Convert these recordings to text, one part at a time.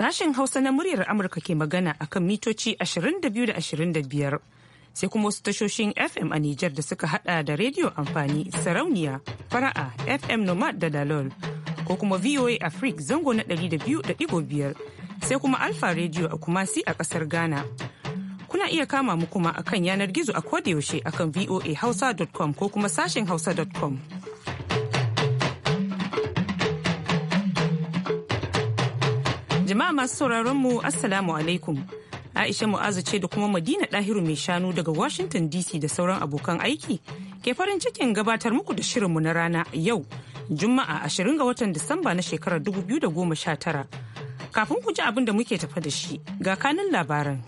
Sashen Hausa na muryar Amurka ke magana akan mitoci 22 da 25 sai kuma wasu tashoshin FM a Nijar da suka hada da rediyo amfani sarauniya fara'a FM Nomad da Dalol ko kuma VOA Africa zango na 200.5 sai kuma Alfa Radio a Kumasi a kasar Ghana. Kuna iya kama mu kuma akan yanar gizo a kodayaushe akan voahausa.com ko kuma sashen hausa.com. Jama'a masu sauraron mu Assalamu alaikum. Aisha Mu'azu ce da kuma Madina Dahiru mai shanu daga Washington DC da sauran abokan aiki ke farin cikin gabatar muku da shirinmu na rana yau Juma'a ashirin ga watan Disamba na shekarar 2019. Kafin ku ji abin da muke tafa da shi ga kanin labaran.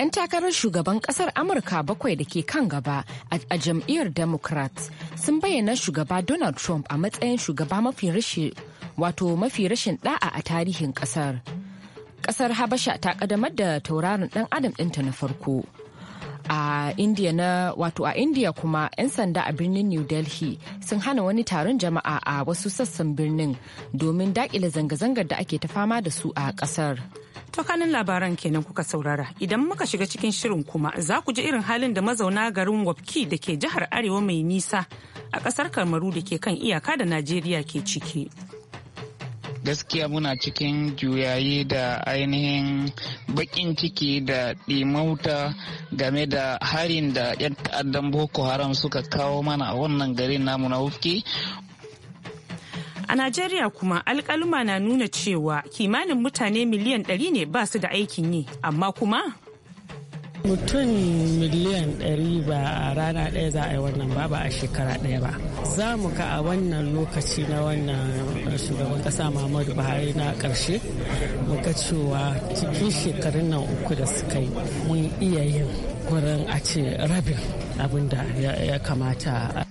'Yan takarar shugaban kasar Amurka bakwai da ke kan gaba a jam'iyyar Democrats sun bayyana shugaba Donald Trump a matsayin shugaba mafi rashin wato mafi rashin da'a a tarihin kasar kasar habasha ta ƙaddamar da tauraron dan adam ɗinta na farko a india na wato a india kuma 'yan sanda a birnin new delhi sun hana wani taron jama'a a wasu sassan birnin domin dakile zanga-zangar da ake ta fama da su a kasar tokanin labaran kenan kuka saurara idan muka shiga cikin shirin kuma za ku ji irin halin da mazauna garin wapki da ke jihar arewa mai nisa a kasar kamaru da ke kan iyaka da najeriya ke ciki gaskiya muna cikin juyayi da ainihin bakin ciki da ɗimauta game da harin da 'yan ta'addan boko haram suka kawo mana a wannan garin namu na wufki A Najeriya kuma alkaluma na nuna cewa kimanin mutane miliyan 100 ne ba su da aikin yi, amma kuma mutum miliyan 100 ba a rana ɗaya za a yi wannan ba ba a shekara ɗaya ba za mu ka a wannan lokaci na wannan shugaban ƙasa muhammadu buhari na ƙarshe muka cewa cikin shekarun nan uku da suka yi mun iya yin wurin a ce rabin abin da ya kamata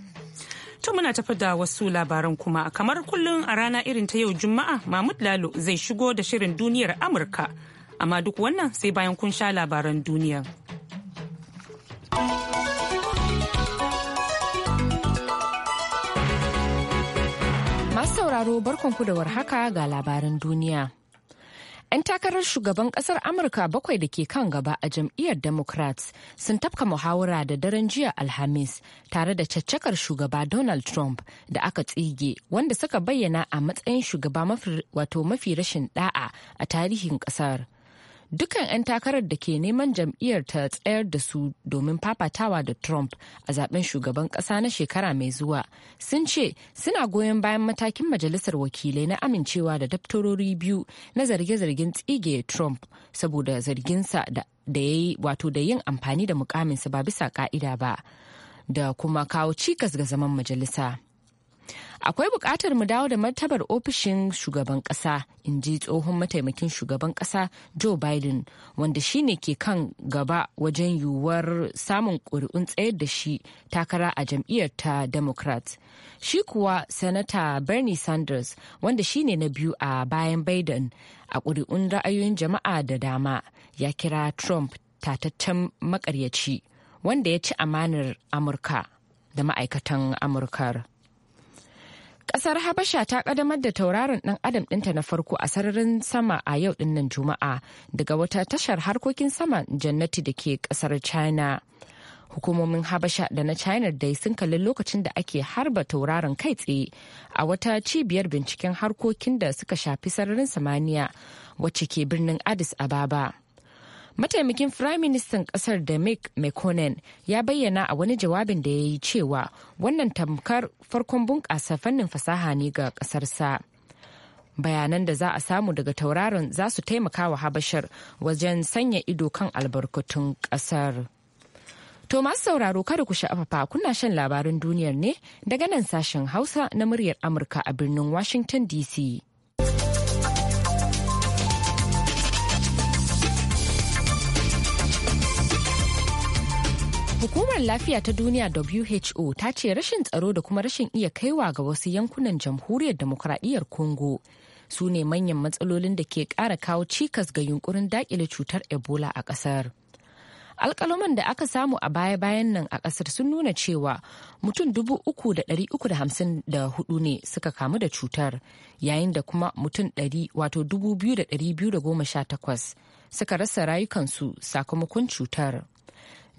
To muna tafi da wasu labaran kuma kamar kullum a rana irin ta yau juma'a Mahmud Lalo zai shigo da shirin duniyar Amurka amma duk wannan sai bayan kun sha labaran duniya. Masu sauraro barkonku da warhaka ga labaran duniya. 'Yan takarar shugaban kasar Amurka bakwai da ke kan gaba a jam'iyyar Democrats sun tafka muhawara da daren jiya Alhamis tare da caccakar shugaba Donald Trump da aka tsige wanda suka bayyana a matsayin shugaba mafi rashin da'a a tarihin kasar. dukkan 'yan takarar da ke neman jam'iyyar ta tsayar da su domin fafatawa da trump a zaben shugaban kasa na shekara mai zuwa sun ce suna goyon bayan matakin majalisar wakilai na amincewa da daftarori biyu na zarge-zargen tsige trump saboda zarginsa da ya yi wato da yin amfani da mukaminsa ba bisa ka'ida ba da kuma kawo cikas ga zaman majalisa. akwai buƙatar mu dawo da martabar ofishin shugaban ƙasa in ji tsohon mataimakin shugaban ƙasa joe biden wanda shine ke kan gaba wajen yiwuwar samun ƙuri'un tsayar da shi takara a jam'iyyar ta democrat shi kuwa senator bernie sanders wanda shine na biyu a bayan biden a ƙuri'un ra'ayoyin jama'a da dama ya kira trump tataccen makaryaci wanda ya ci amanar amurka da ma'aikatan amurkar Kasar Habasha ta kadamar da tauraron dan adam dinta na farko a sararin sama a yau dinnan Juma'a daga wata tashar harkokin sama jannati da ke kasar China. Hukumomin Habasha da na China dai sun kalli lokacin da ake harba tauraron kai tsaye a wata cibiyar binciken harkokin da suka shafi sararin samaniya wacce ke birnin Addis Ababa. mataimakin firaministan kasar da mick mcconnell ya bayyana a wani jawabin da ya yi cewa wannan tamkar farkon bunƙasa fannin fasaha ne ga ƙasarsa bayanan da za a samu daga tauraron za su taimaka wa habashar wajen sanya ido kan albarkatun ƙasar to masu sauraro kada ku sha'afafa kuna shan labarin duniyar ne daga nan sashen hausa na muryar amurka a birnin washington dc Hukumar Lafiya ta Duniya WHO ta ce rashin tsaro da kuma rashin iya kaiwa ga wasu yankunan jamhuriyar demokradiyyar Congo su ne manyan matsalolin da ke ƙara kawo cikas ga yunkurin daƙile cutar Ebola a ƙasar. alkaloman da aka samu a baya-bayan nan a ƙasar sun nuna cewa mutum hudu ne suka kamu da cutar yayin da kuma mutum 100 wato takwas suka rasa rayukansu sakamakon cutar.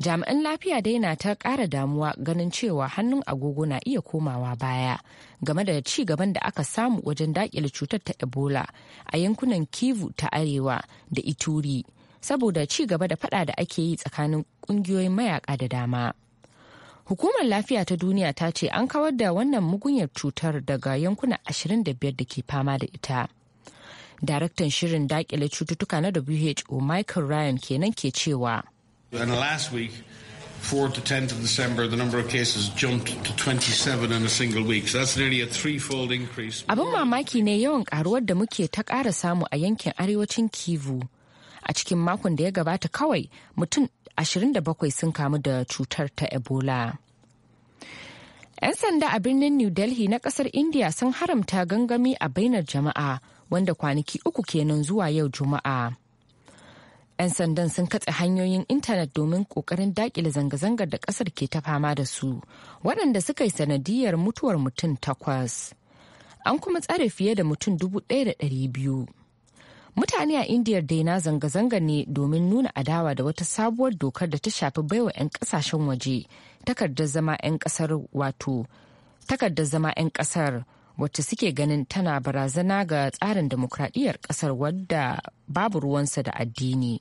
jami'an lafiya dai na ta ƙara damuwa ganin cewa hannun agogo na iya komawa baya game da ci gaban da aka samu wajen daƙile cutar ta ebola a yankunan kivu ta arewa da ituri saboda ci gaba da fada da ake yi tsakanin ƙungiyoyin mayaka da dama Hukumar Lafiya ta Duniya ta ce an kawar da wannan mugunyar cutar daga yankuna 25 da ke fama da ita. Daraktan shirin dakile cututtuka na WHO Michael Ryan kenan ke cewa. And last week, 4 to 10th of December, the number of cases jumped to 27 in a single week. So that's nearly a threefold increase. Abin mamaki ne yawan karuwar da muke ta ƙara samu a yankin arewacin Kivu. A cikin makon da ya gabata kawai mutum 27 sun kamu da cutar ta Ebola. 'Yan sanda a birnin New Delhi na kasar India sun haramta gangami a bainar jama'a wanda kwanaki uku kenan zuwa yau Juma'a. 'Yan sandan sun katse hanyoyin intanet domin kokarin dakile zanga-zangar da kasar ke ta fama da su, waɗanda suka yi sanadiyar mutuwar mutum takwas. An kuma tsare fiye da mutum dubu ɗaya da ɗari biyu. mutane a indiyar daina zanga-zanga ne domin nuna adawa da wata sabuwar dokar da ta shafi baiwa 'yan kasashen waje takardar zama 'yan kasar wato takardar zama 'yan kasar wacce suke ganin tana barazana ga tsarin demokradiyyar kasar wadda babu ruwansa da addini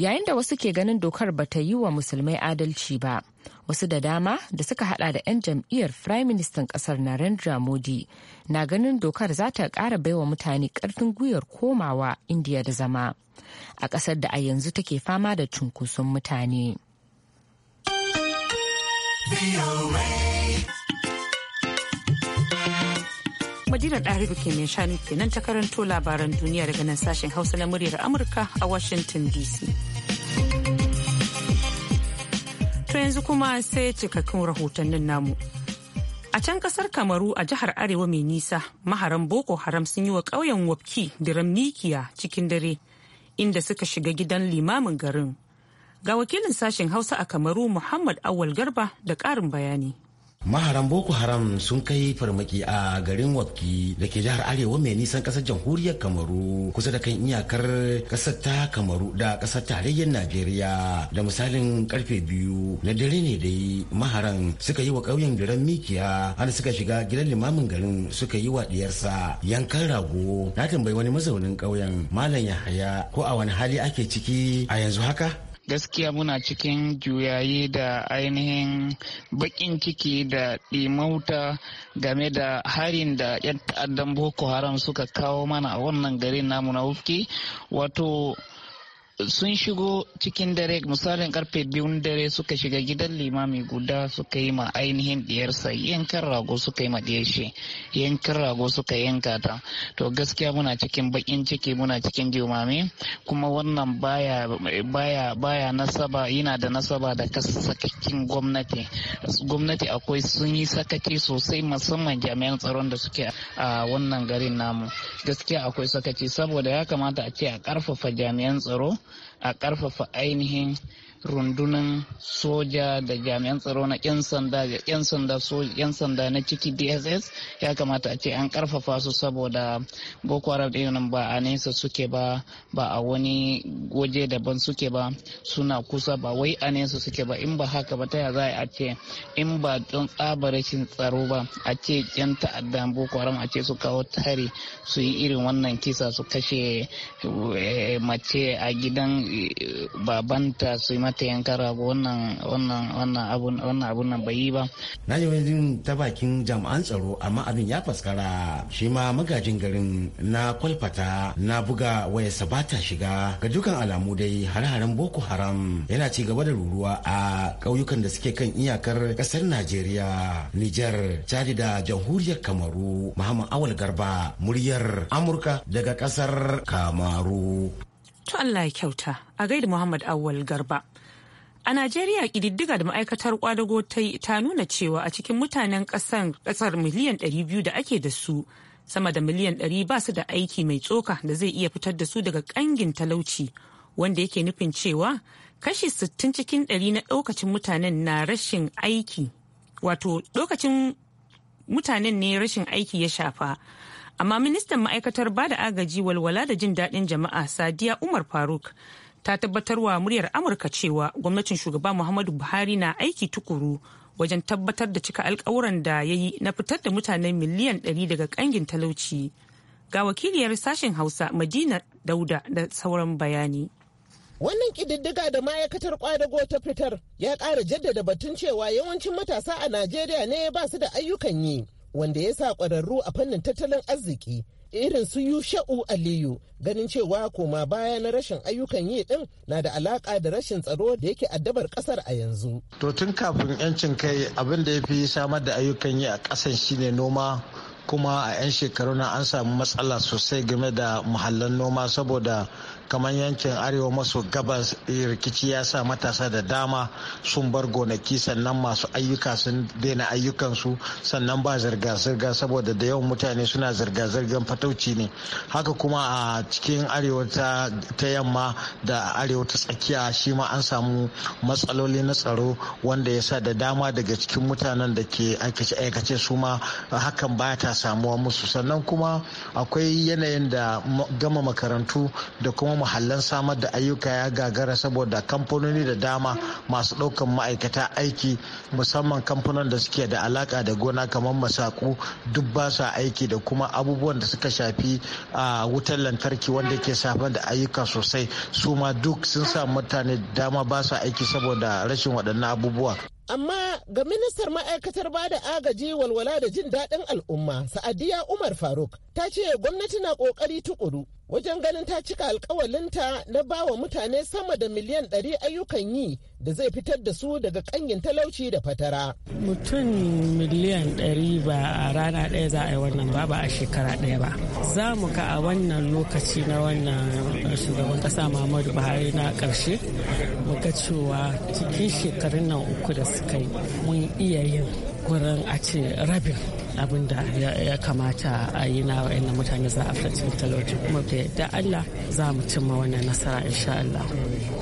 yayin da wasu ke ganin dokar ba ta yi wa musulmai adalci ba wasu da dama da suka hada da 'yan jam'iyyar prime minister kasar narendra modi na ganin dokar za ta kara baiwa mutane karfin gwiwar komawa indiya da zama a kasar da a yanzu take fama da cunkoson mutane Madina Ɗaribu ke mai shanu kenan ta karanto labaran duniya daga nan sashen Hausa na muryar Amurka a Washington DC. yanzu kuma sai cikakkun rahotannin namu. A can kasar Kamaru a jihar Arewa mai nisa, maharan Boko Haram sun yi wa ƙauyen wabki diram Mikiya cikin dare, inda suka shiga gidan limamin garin. Ga wakilin sashen Hausa a Kamaru Muhammad Awal Garba da ƙarin bayani. maharan boko haram sun kai farmaki a garin wakki da ke jihar arewa mai nisan kasar jamhuriyar kamaru kusa da kan iyakar kasar ta kamaru da kasar tarayyar najeriya da misalin karfe biyu na dare ne dai maharan suka yi wa ƙauyen biran mikiya har suka shiga gidan limamin garin suka yi wa ɗiyarsa. yankan rago na tambayi wani mazaunin ƙauyen malam yahaya ko a wani hali ake ciki a yanzu haka gaskiya muna cikin juyayi da ainihin bakin ciki da ɗimauta game da harin da 'yan ta'addan boko haram suka kawo mana a wannan garin namu na wufki wato sun shigo cikin dare misalin karfe biyun dare suka shiga gidan limami guda suka yi ma ainihin diyarsa yankan rago suka yi ma shi yankan rago suka yanka ta to gaskiya muna cikin bakin ciki muna cikin jimami kuma wannan baya nasaba yana da nasaba da sakakin gwamnati gwamnati akwai sun yi sakaci sosai musamman jami'an tsaron da suke a wannan garin namu gaskiya akwai sakaci saboda ya kamata a ce a karfafa jami'an tsaro a ƙarfafa ainihin rundunan soja da jami'an tsaro na 'yan sanda 'yan sanda na ciki dss ya kamata a ce an karfafa su saboda boko haram ɗin ba a nesa suke ba ba a wani waje daban suke ba suna kusa ba wai a nesa suke ba in ba haka ba ta za a ce in ba don tsabarashin rashin tsaro ba a ce 'yan ta'adda boko haram a ce su kawo tari su yi irin wannan kisa su kashe eh, mace a gidan eh, babanta su yi kamata yankan ba wannan wannan wannan abun wannan abun nan bai yi ba na ji wani ta bakin jami'an tsaro amma abin ya faskara shi ma magajin garin na kwalfata na buga wayarsa Sabata shiga ga dukan alamu dai har-haren boko haram yana ci gaba da ruruwa a ƙauyukan da suke kan iyakar ƙasar najeriya nijar chadi da jamhuriyar kamaru muhammad awal garba muryar amurka daga ƙasar kamaru to allah ya kyauta a gaida muhammad awal garba A Najeriya kididdiga da ma'aikatar kwadago ta yi ta nuna cewa a cikin mutanen kasar miliyan 200 da ake da su sama da miliyan 100 ba su da aiki mai tsoka da zai iya fitar da su daga ƙangin talauci wanda yake nufin cewa kashi 60 cikin 100 na ɗaukacin mutanen na rashin aiki wato ɗaukacin mutanen ne rashin aiki ya shafa amma ministan ma'aikatar ba da agaji walwala da jin daɗin jama'a sadiya umar faruk ta tabbatarwa muryar amurka cewa gwamnatin shugaba muhammadu buhari na aiki tukuru wajen tabbatar da cika alkawuran da ya yi na fitar da mutanen miliyan 100 daga kangin talauci ga wakiliyar sashen hausa madina dauda da sauran bayani Wannan kididdiga da ma'aikatar kwadago ta fitar ya ƙara jaddada batun cewa yawancin matasa a Najeriya ne ba su da ayyukan yi, wanda ya sa ƙwararru a fannin tattalin arziki irin su yusha'u aliyu ganin cewa koma baya na rashin ayyukan yi din na da alaka da rashin tsaro da yake addabar kasar a yanzu to tun kafin yancin kai abin da ya fi samar da ayyukan yi a kasan shine noma kuma a 'yan shekaru na an samu matsala sosai game da muhallan noma saboda kamar yankin arewa maso gabas eh, rikici ya sa matasa da dama sun bar gonaki sannan masu ayyuka sun daina ayyukansu sannan ba zirga-zirga saboda da yawan mutane suna zirga-zirgar fatauci ne haka kuma a cikin arewa ta yamma da arewa ta tsakiya shi ma an samu matsaloli na tsaro wanda ya sa da dama daga cikin mutanen da ke aikace-aikace su ma hakan baya ta samuwa musu sannan kuma akwai yanayin da gama makarantu da kuma muhallan samar da ayyuka ya gagara saboda kamfanoni da dama masu ɗaukan ma'aikata aiki musamman kamfanon da suke da alaka da gona kamar masaku duk ba sa aiki da kuma abubuwan da suka shafi a wutar lantarki wanda ke safar da ayyuka sosai su ma duk sun sa mutane dama ba sa aiki saboda rashin waɗannan abubuwa amma ga ministar ma'aikatar ba da agaji walwala da jin daɗin al'umma sa'adiya umar faruk ta ce gwamnati na ƙoƙari tukuru wajen ganin ta cika alkawalinta na ba wa mutane sama da miliyan ɗari ayyukan yi da zai fitar da su daga kanyin talauci da fatara. Mutum miliyan 100 ba a rana ɗaya za a yi wannan ba ba a shekara ɗaya ba. Za mu ka a wannan lokaci na wannan uh, shugaban ƙasa Muhammadu Buhari na karshe mu cewa cikin shekarun nan uku da suka yi mun iya yin Wurin a ce rabin abin da ya kamata a yi na na mutane za a fitar talauci kuma da yadda Allah za mu cimma wannan nasara insha Allah.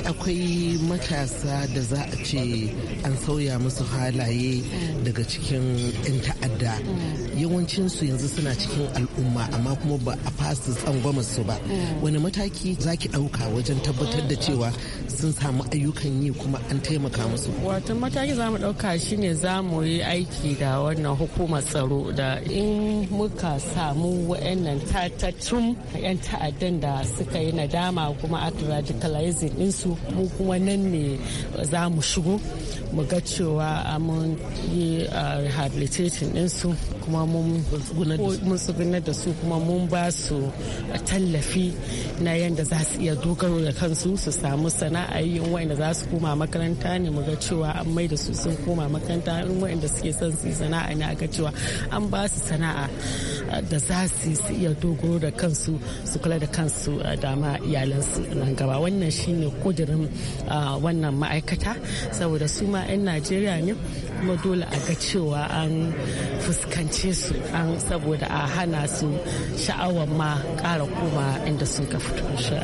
Akwai matasa da za a ce an sauya musu halaye daga cikin 'yan ta'adda yawancinsu yanzu suna cikin al'umma amma kuma ba a fasa tsangwama su ba wani mataki za ki ɗauka wajen tabbatar da cewa sun samu ayyukan yi kuma an taimaka musu wato mataki za mu ɗauka shine za mu yi aiki da wannan hukumar tsaro da in muka samu wa'annan tatattun 'yan ta'addan da suka yi nadama kuma aka radicalizing ɗinsu mu kuma nan ne za mu shigo mu ga cewa mun yi din uh, ɗinsu kuma mun tsugunar da su kuma mun ba su tallafi na yadda za su iya dogaro da kansu su samu sana'a A yi wa'anda za su koma makaranta ne mu ga cewa an mai da su sun koma makaranta in wa'anda suke son su sana'a ne a ga cewa an ba su sana'a da za su iya dogoro da kansu su kula da kansu da ma iyalansu nan gaba wannan shine kudirin wannan ma'aikata saboda su ma 'yan najeriya ne kuma dole a ga cewa an fuskance su an saboda a hana su sha'awar ma kara koma inda sun ka fito insha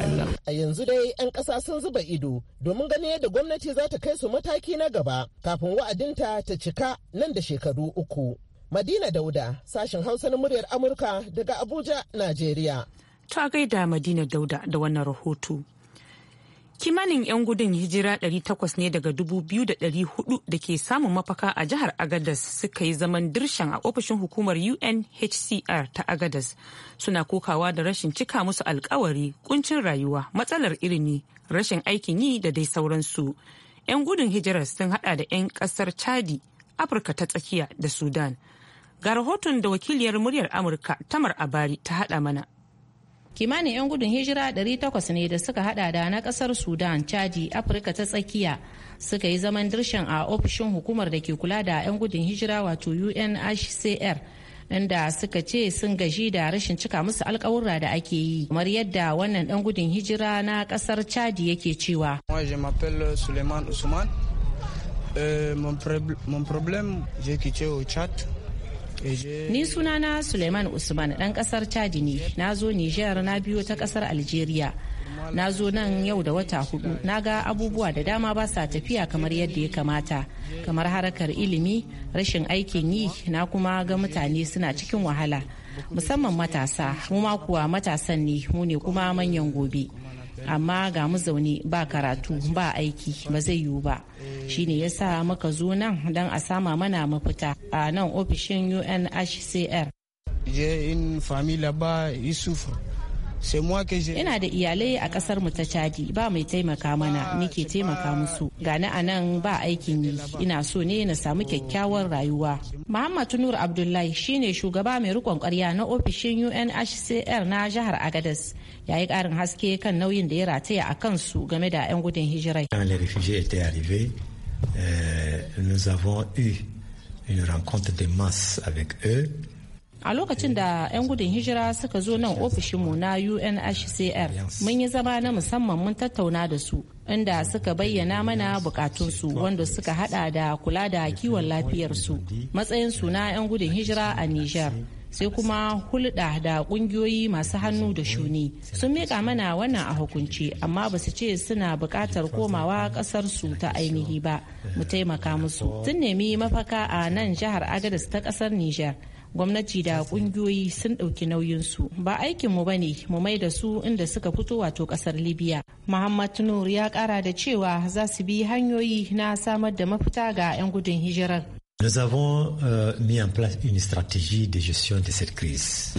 A yanzu dai 'yan ƙasa sun zuba ido domin ganin yadda gwamnati za ta kai su mataki na gaba kafin wa'adinta ta cika nan da shekaru uku. Madina Dauda, sashen Hausa na muryar Amurka daga Abuja, Najeriya. Ta gaida Madina Dauda da wannan rahoto. kimanin 'yan gudun hijira 800 ne daga 2,400 da ke samun mafaka a jihar agadas suka yi zaman dirshan a ofishin hukumar unhcr ta agadas suna kokawa da rashin cika musu alkawari kuncin rayuwa matsalar ilimi rashin aikin yi da dai sauransu 'yan gudun hijirar sun hada da 'yan kasar chadi afirka ta tsakiya da sudan ga rahoton da wakiliyar muryar amurka tamar abari ta hada mana kimanin 'yan gudun hijira 800 ne da suka hada da na kasar sudan chadi afirka ta tsakiya suka yi zaman dirshan a ofishin hukumar da ke kula da 'yan gudun hijira wato unhcr inda suka ce sun gaji da rashin cika musu alkawura da ake yi kamar yadda wannan dan gudun hijira na kasar chadi yake cewa euh, Mon problème, j'ai quitté au chat Ni sunana Suleiman Usman ɗan ƙasar Chadi ne, na zo Nijar na biyo ta ƙasar Algeria. na zo nan yau da wata hudu na ga abubuwa da dama ba sa tafiya kamar yadda ya kamata kamar harkar ilimi rashin aikin yi na kuma ga mutane suna cikin wahala musamman matasa mu ma kuwa matasan ne mu ne kuma manyan gobe amma ga mu zaune ba karatu ba aiki ba zai yiwu ba shi ne ya sa muka zo nan don a sama mana mafita a nan ofishin unhcr je in famila ba isufu Ina da iyalai a kasar mu ta Chadi ba mai taimaka mana nike taimaka musu. Gani a nan ba aikin yi ina so ne na samu kyakkyawar rayuwa. Muhammad Nur Abdullahi shine shugaba mai rikon ƙwarya na ofishin UNHCR na jihar Agadez. Ya yi ƙarin haske kan nauyin da ya rataya a kansu game da 'yan gudun hijirai. Euh, nous avons eu une rencontre de masse avec eux. a lokacin da 'yan gudun hijira suka zo nan ofishinmu na unhcr mun yi zama na musamman mun tattauna da su inda suka bayyana mana bukatunsu wanda suka hada da kula da kiwon lafiyarsu matsayinsu na 'yan gudun hijira a niger sai kuma hulɗa da ƙungiyoyi masu hannu da shuni sun miƙa mana wannan a hukunci amma ba su ce suna buƙatar komawa ƙasarsu ta ainihi ba mu taimaka musu sun nemi mafaka a nan jihar agadis ta ƙasar niger gwamnati da kungiyoyi sun ɗauki nauyinsu ba aikinmu ba ne mu mai da su inda suka fito wato ƙasar libya muhammad nur ya ƙara da cewa za su bi hanyoyi na samar da mafita ga 'yan gudun hijirar Nous avons euh, mis en place une stratégie de gestion de cette crise.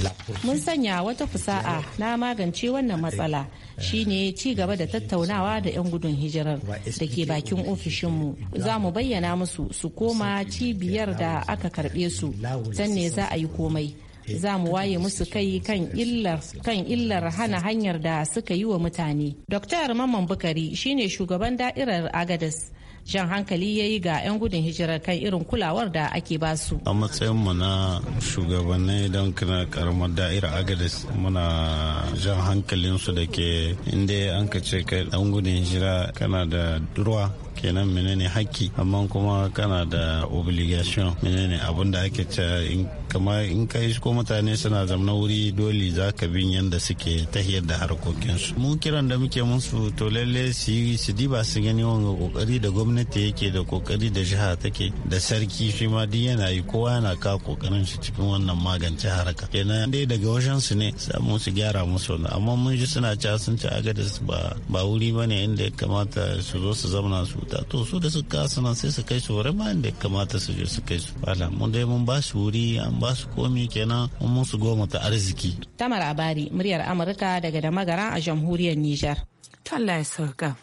Mun sanya wata fusa'a na magance wannan matsala eh, eh, shine ci gaba da tattaunawa da 'yan gudun hijirar da ke bakin ofishinmu. Za mu bayyana musu su koma cibiyar da aka karbe su, can ne za a yi komai. Eh, za mu waye musu kai kan illar kan illar hana hanyar da suka yi wa mutane. Dr. Mamman Bukari shine shugaban da'irar Agadas. jan hankali ya yi ga 'yan gudun hijirar kan irin kulawar da ake basu. a matsayin mu na shugabannin don kana karamar da'ira agadis muna jan hankalinsu da ke inda an ka ce ka yan gudun hijira kana da durwa kenan menene hakki amma kuma kana da obligation menene abun da ake in kama in ka ko mutane suna zamna wuri dole za ka bin yadda suke tahiyar da harkokinsu mu kiran da muke musu to lalle su yi su diba su gani wanga kokari da gwamnati yake da kokari da jiha take da sarki shi ma duk yana yi kowa yana ka kokarin shi cikin wannan magance haraka kenan dai daga wajen su ne samu su gyara musu amma mun ji suna ci sun ci agadis ba ba wuri bane inda ya kamata su zo su zauna su rubuta to su da suka kasa nan sai su kai su wurin bayan da kamata su je su kai su fala mun dai mun ba su wuri an ba su komi kenan mun musu goma ta arziki tamar abari muryar amurka daga da magara a jamhuriyar nijar tallah ya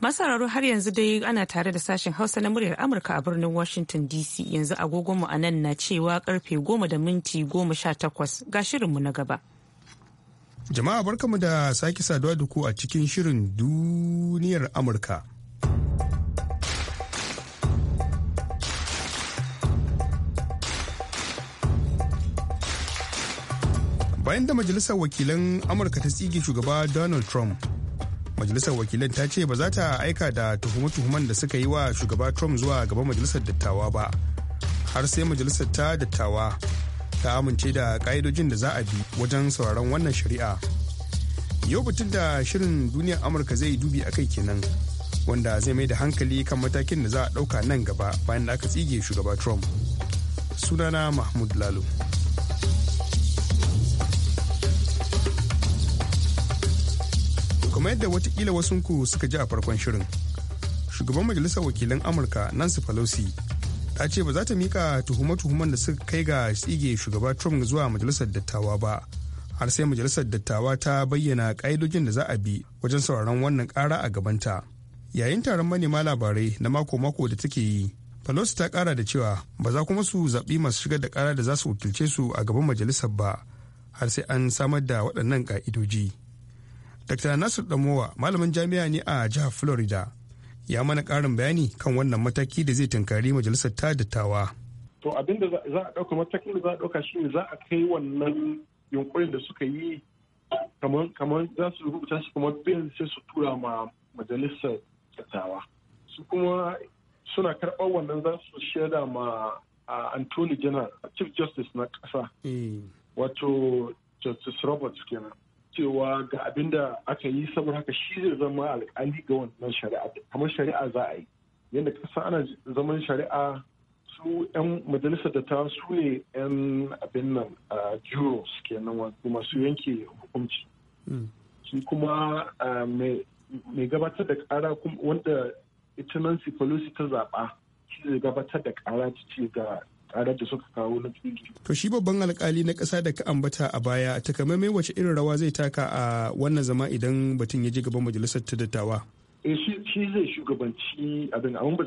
masararru har yanzu dai ana tare da sashen hausa na muryar amurka a birnin washington dc yanzu agogonmu a nan na cewa karfe goma da minti goma sha takwas ga shirinmu na gaba jama'a barkamu da sake saduwa da ku a cikin shirin duniyar amurka bayan da majalisar wakilan amurka ta tsige shugaba donald trump majalisar wakilan ta ce ba za ta aika da tuhume-tuhumen da suka yi wa shugaba trump zuwa gaban majalisar dattawa ba har sai majalisar ta dattawa ta amince da ka'idojin da za a bi wajen sauraron wannan shari'a yau batun da shirin duniyar amurka zai dubi a kai kenan wanda zai mai da hankali kan matakin da za a ɗauka nan gaba bayan da aka tsige shugaba trump sunana mahmud lalo Kuma yadda watakila wasunku suka ji a farkon shirin shugaban majalisar wakilan amurka nancy pelosi ta ce ba za ta mika tuhume-tuhumen da suka kai ga tsige shugaba trump zuwa majalisar dattawa ba har sai majalisar dattawa ta bayyana ƙa'idojin da za a bi wajen sauraron wannan ƙara a gabanta yayin taron manema labarai na mako-mako da take yi pelosi ta ƙara da cewa ba za kuma su zaɓi masu shigar da ƙara da za su wakilce su a gaban majalisar ba har sai an samar da waɗannan ƙa'idoji dr nasir damowa malamin jami'a ne a jihar florida ya mana karin bayani kan wannan mataki da zai tunkari majalisar ta dattawa to abin da za a ɗauka matakin da za a ɗauka shi ne za a kai wannan yunkurin da suka yi kamar za su rubuta shi kamar bill sai su tura ma majalisar dattawa su kuma suna karɓar wannan za su shaida ma antony general chief justice na ƙasa eh. wato justice roberts kenan cewa ga abin da aka yi saboda haka shi zai zama alkali ga wannan shari'a kamar shari'a za a yi yadda kasa ana zaman shari'a su 'yan majalisa da ta su ne 'yan abin nan a juros wasu masu yanke hukunci hmm. su kuma mai gabatar da kara wanda ita nan sifalosi ta zaɓa shi zai gabatar da kara ta ce ga tsadar da suka kawo na fili. To shi babban alkali na ƙasa da ka ambata a baya takamaimai wace irin rawa zai taka a wannan zama idan batun ya je gaban majalisar ta dattawa. Eh shi zai shugabanci abin amma ba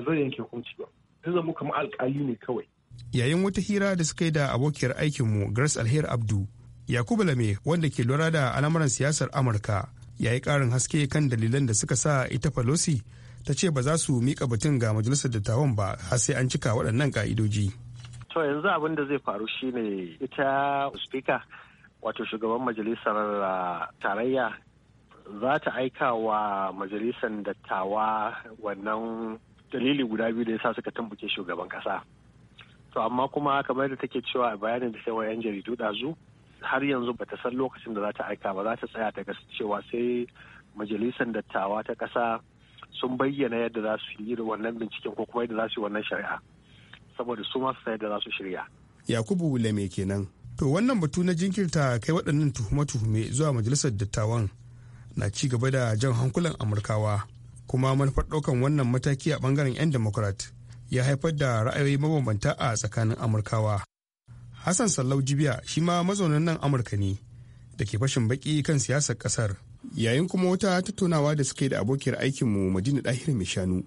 zai yanke hukunci ba. Zai zama kamar alkali ne kawai. Yayin wata hira da suka yi da abokiyar aikinmu Grace alheri Abdu, Yakubu Lame wanda ke lura da al'amuran siyasar Amurka ya yi ƙarin haske kan dalilan da suka sa ita Pelosi ta ce ba za su mika batun ga majalisar dattawan ba har sai an cika waɗannan ka'idoji. To yanzu abin da zai faru shine ita speaker wato shugaban majalisar ah, tarayya za ta aika wa majalisar dattawa wannan dalili guda biyu da yasa suka tumbuke shugaban kasa. To amma kuma kamar da take cewa a bayanin da sai wa 'yan jaridu ɗazu har yanzu bata san lokacin da za ta aika ba za ta tsaya ta cewa sai majalisar dattawa ta ƙasa sun bayyana yadda za su yi wannan binciken ko kuma yadda za su yi wannan shari'a saboda su masu sayar da za su shirya. Yakubu Lame kenan. To wannan batu na jinkirta kai waɗannan tuhume-tuhume zuwa majalisar dattawan na ci gaba da jan hankulan Amurkawa kuma manufar ɗaukan wannan mataki a ɓangaren 'yan Democrat ya haifar da ra'ayoyi mabambanta a tsakanin Amurkawa. Hassan Sallau Jibiya shi ma mazaunin nan Amurka ne da ke fashin baƙi kan siyasar ƙasar. yayin kuma wata tattaunawa da suka yi da abokiyar aikinmu madina ɗahir mai shanu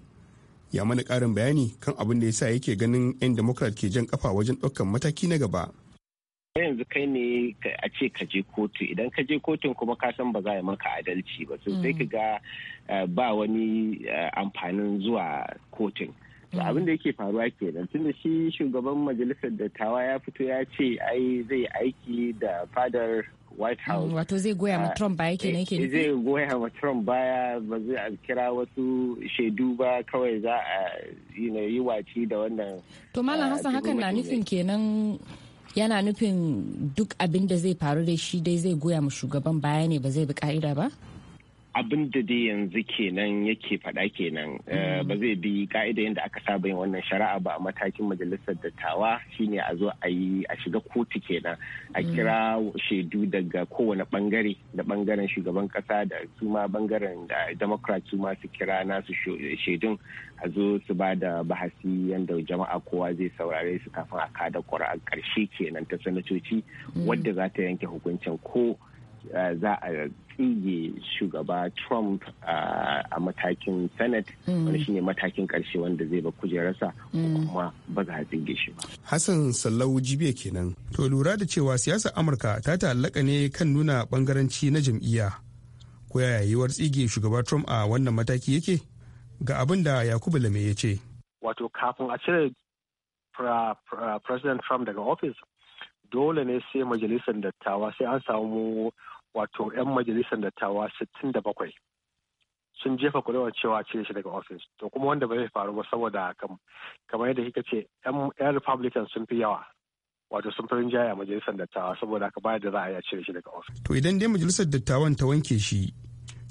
ya mana karin bayani kan abin da ya sa yake ganin 'yan democrat ke jan kafa wajen ɗaukan mataki na gaba yanzu kai ne a ce ka je kotu idan ka je kotun kuma ka san ba za a maka adalci ba sai ka mm. ga eh, ba wani eh, amfanin zuwa kotun mm. abin da yake faruwa ke kenan tunda shi shugaban majalisar dattawa ya fito ya ce ai zai aiki da fadar white mm, house wato zai goya ma ah, trump baya eh, ke ne zai goya ma trump baya ba zai kira wasu shaidu ba kawai za a yi waci da wannan to malam ah, hassan hakan na nufin kenan yana nufin duk abin da zai faru da shi dai zai goya ma shugaban baya ne ba zai bi ka'ida ba abin da dai yanzu kenan yake faɗa kenan eh, mm. ba zai bi ka'ida yadda aka saba yin wannan shari'a ba a matakin majalisar dattawa shine a zo a yi a shiga kotu kenan a mm. kira shaidu daga kowane bangare da bangaren shugaban kasa da su ma bangaren da democrat su ma su kira nasu shaidun a zo su ba da bahasi yadda jama'a kowa zai saurare su kafin a kada a ƙarshe kenan ta sanatoci mm. wadda za ta yanke hukuncin ko Uh, za a tsige shugaba trump uh, a matakin senate mm. wani shine matakin karshe wanda zai ba kujerarsa mm. kuma ba za a tsige shi ba hassan sallau jibiya kenan to lura da cewa siyasar amurka ta ta'allaka ne kan nuna bangaranci na jam'iyya ko yayewar tsige shugaba trump a wannan mataki yake ga abin da yakubu lame ya ce wato kafin a cire president trump daga ofis dole ne sai majalisar dattawa sai an samu wato 'yan majalisar dattawa 67 sun jefa kuri'ar cewa cire shi daga ofis to kuma wanda ba zai faru ba saboda kamar yadda kika ce 'yan republican sun fi yawa wato sun fi rinjaye a majalisar dattawa saboda haka bayar da za a yi a cire shi daga ofis. to idan dai majalisar dattawan ta wanke shi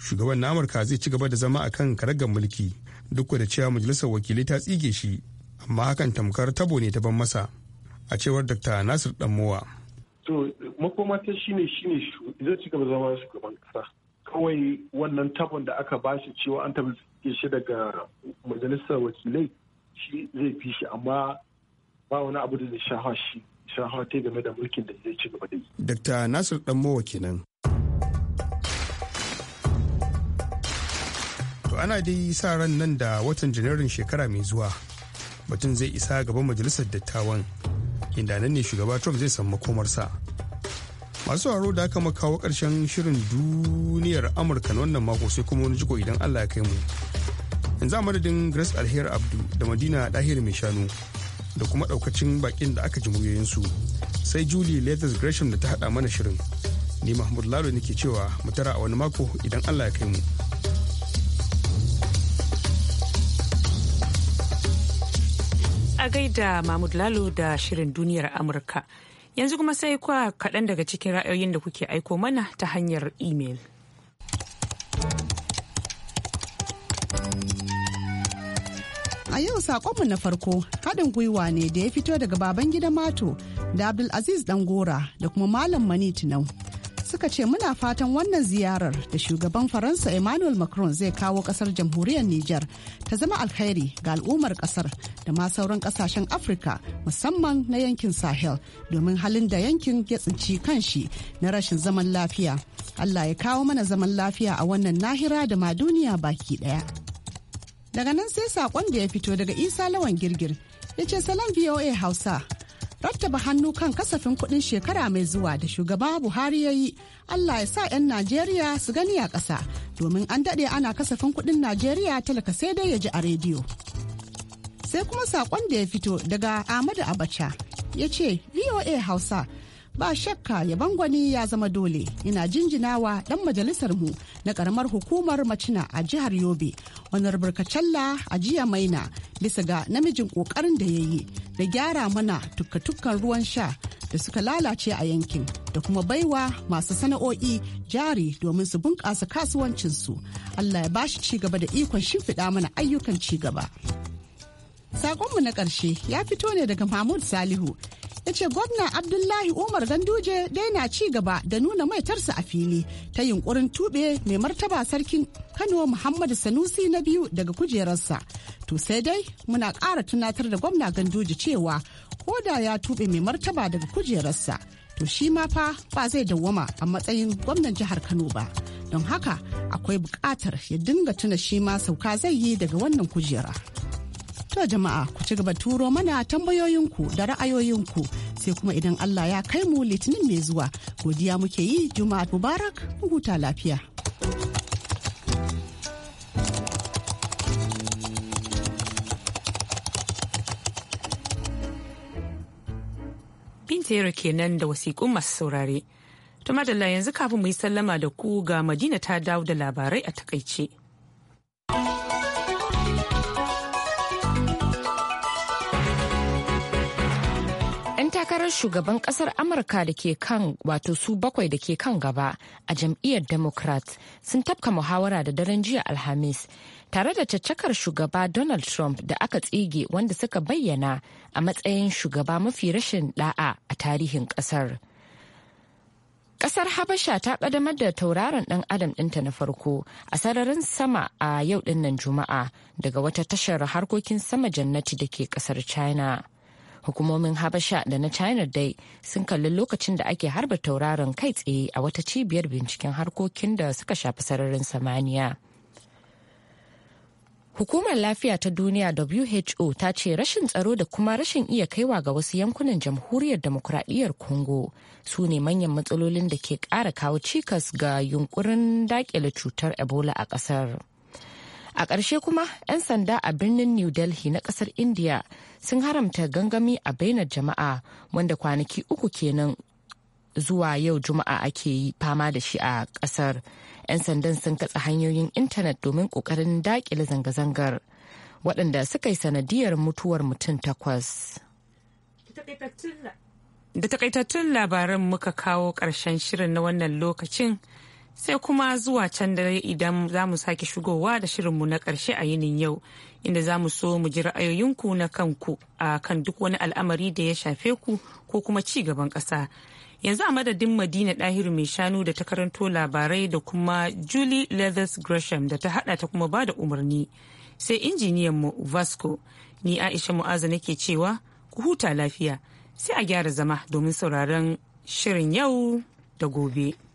shugaban na amurka zai ci gaba da zama akan karagar mulki duk da cewa majalisar wakilai ta tsige shi amma hakan tamkar tabo ne ta ban masa a cewar dr nasir danmowa. to makoma ta shine shine zai ci gaba zama shugaban kasa kawai wannan tabon da aka bashi cewa an taɓa shi daga majalisar wakilai shi zai fi shi amma ba wani abu da zai shaha shi shaha ta game da mulkin da zai ci gaba da yi. Dr. Nasir dan kenan. To ana dai sa ran nan da watan Janairun shekara mai zuwa. Batun zai isa gaban majalisar dattawan inda nan ne shugaba trump zai san makomarsa masu haro da aka makawa karshen shirin duniyar amurka na wannan mako sai kuma wani jiko idan allah ya kai mu yanzu a madadin grace alheri abdu da madina dahir mai shanu da kuma daukacin bakin da aka ji muryoyinsu sai julie leathers gresham da ta hada mana shirin ni mahmud lalo nake cewa mu tara a wani mako idan allah ya kai mu a gaida Mahmud Lalo da Shirin Duniyar Amurka. Yanzu kuma sai kwa kaɗan daga cikin ra'ayoyin da kuke aiko mana ta hanyar imel. A yau sakonmu na farko haɗin gwiwa ne da ya fito daga baban gida Mato da Abdulaziz Dangora da kuma Malam Mani Tinau. suka ce muna fatan wannan ziyarar da shugaban Faransa Emmanuel Macron zai kawo kasar jamhuriyar niger ta zama alkhairi ga al'ummar kasar da ma sauran kasashen Afirka musamman na yankin Sahel domin halin da yankin ya tsinci kanshi na rashin zaman lafiya. Allah ya kawo mana zaman lafiya a wannan nahira da ma duniya baki daya. Daga nan sai saƙon da ya fito daga Isa Lawan Girgir ya ce salon VOA Hausa rattaba hannu kan kasafin kuɗin shekara mai zuwa da shugaba buhari ya yi allah ya sa 'yan najeriya su gani a ƙasa domin an daɗe ana kasafin kuɗin najeriya talaka sai dai ya ji a rediyo sai kuma saƙon da ya fito daga ahmadu abacha ya ce voa hausa ba shakka yaban gwani ya zama dole ina jinjinawa dan majalisar mu na karamar hukumar macina a jihar yobe wanar barkacalla a jiya maina bisa ga namijin kokarin da ya yi da gyara mana tukka ruwan sha da suka lalace a yankin da kuma baiwa masu sana'o'i jari domin su bunƙasa kasuwancinsu allah ya bashi ci gaba da ikon shimfiɗa mana ayyukan ci gaba saƙonmu na ƙarshe ya fito ne daga Mahmud Salihu ya ce gwamna abdullahi umar ganduje dai na ci gaba da nuna maitarsa a fili ta yunkurin tube mai martaba sarkin kano muhammadu sanusi na biyu daga kujerarsa to sai dai muna ƙara tunatar da gwamna ganduje cewa ko da ya tube mai martaba daga kujerarsa to shi ma fa ba zai dawwama a matsayin gwamnan jihar kano ba don haka akwai bukatar ya dinga tuna shi ma sauka zai yi daga wannan kujera. To jama'a ku ci gaba turo mana tambayoyinku da ra'ayoyinku sai kuma idan Allah ya kai mu litinin mai zuwa godiya muke yi juma'a mubarak huta lafiya. Binta kenan da wasiƙun masu saurare. To madalla yanzu kafin mu yi sallama da ku ga Madina ta dawo da labarai a takaice. 'yan takarar shugaban kasar amurka da ke kan wato su bakwai da ke kan gaba a jam'iyyar democrat sun tafka muhawara da daren jiya alhamis tare da caccakar shugaba donald trump da aka tsige wanda suka bayyana a matsayin shugaba mafi rashin da'a a tarihin kasar kasar habasha ta kadamar da tauraron dan adam dinta na farko a sararin sama a yau dinnan juma'a daga wata tashar harkokin sama jannati da ke kasar china hukumomin habasha da na china dai sun kalli lokacin da ake harba tauraron kai tsaye a wata cibiyar binciken harkokin da suka shafi sararin samaniya Hukumar Lafiya ta Duniya WHO ta ce rashin tsaro da kuma rashin iya kaiwa ga wasu yankunan jamhuriyar demokuraɗiyyar Congo su ne manyan matsalolin da ke ƙara kawo cikas ga yunkurin daƙile cutar Ebola a ƙasar. a ƙarshe kuma 'yan sanda a birnin new delhi na ƙasar india sun haramta gangami a bainar jama'a wanda kwanaki uku kenan zuwa yau juma'a ake yi fama da shi a ƙasar 'yan sandan sun katsa hanyoyin intanet domin ƙoƙarin daƙile zanga-zangar waɗanda suka yi sanadiyar mutuwar mutum takwas da takaitattun labaran muka kawo ƙarshen shirin na wannan lokacin sai kuma zuwa can dare idan za mu sake shigowa da shirinmu na ƙarshe a yinin yau inda za mu so mu ji ra'ayoyinku na kanku a kan duk wani al'amari da ya shafe ku ko kuma ci gaban ƙasa yanzu a madadin madina ɗahiru mai shanu da ta karanto labarai da kuma julie leathers gresham da ta hada ta kuma ba da umarni sai injiniyan mu vasco ni aisha mu'aza nake cewa ku huta lafiya sai a gyara zama domin sauraron shirin yau da gobe.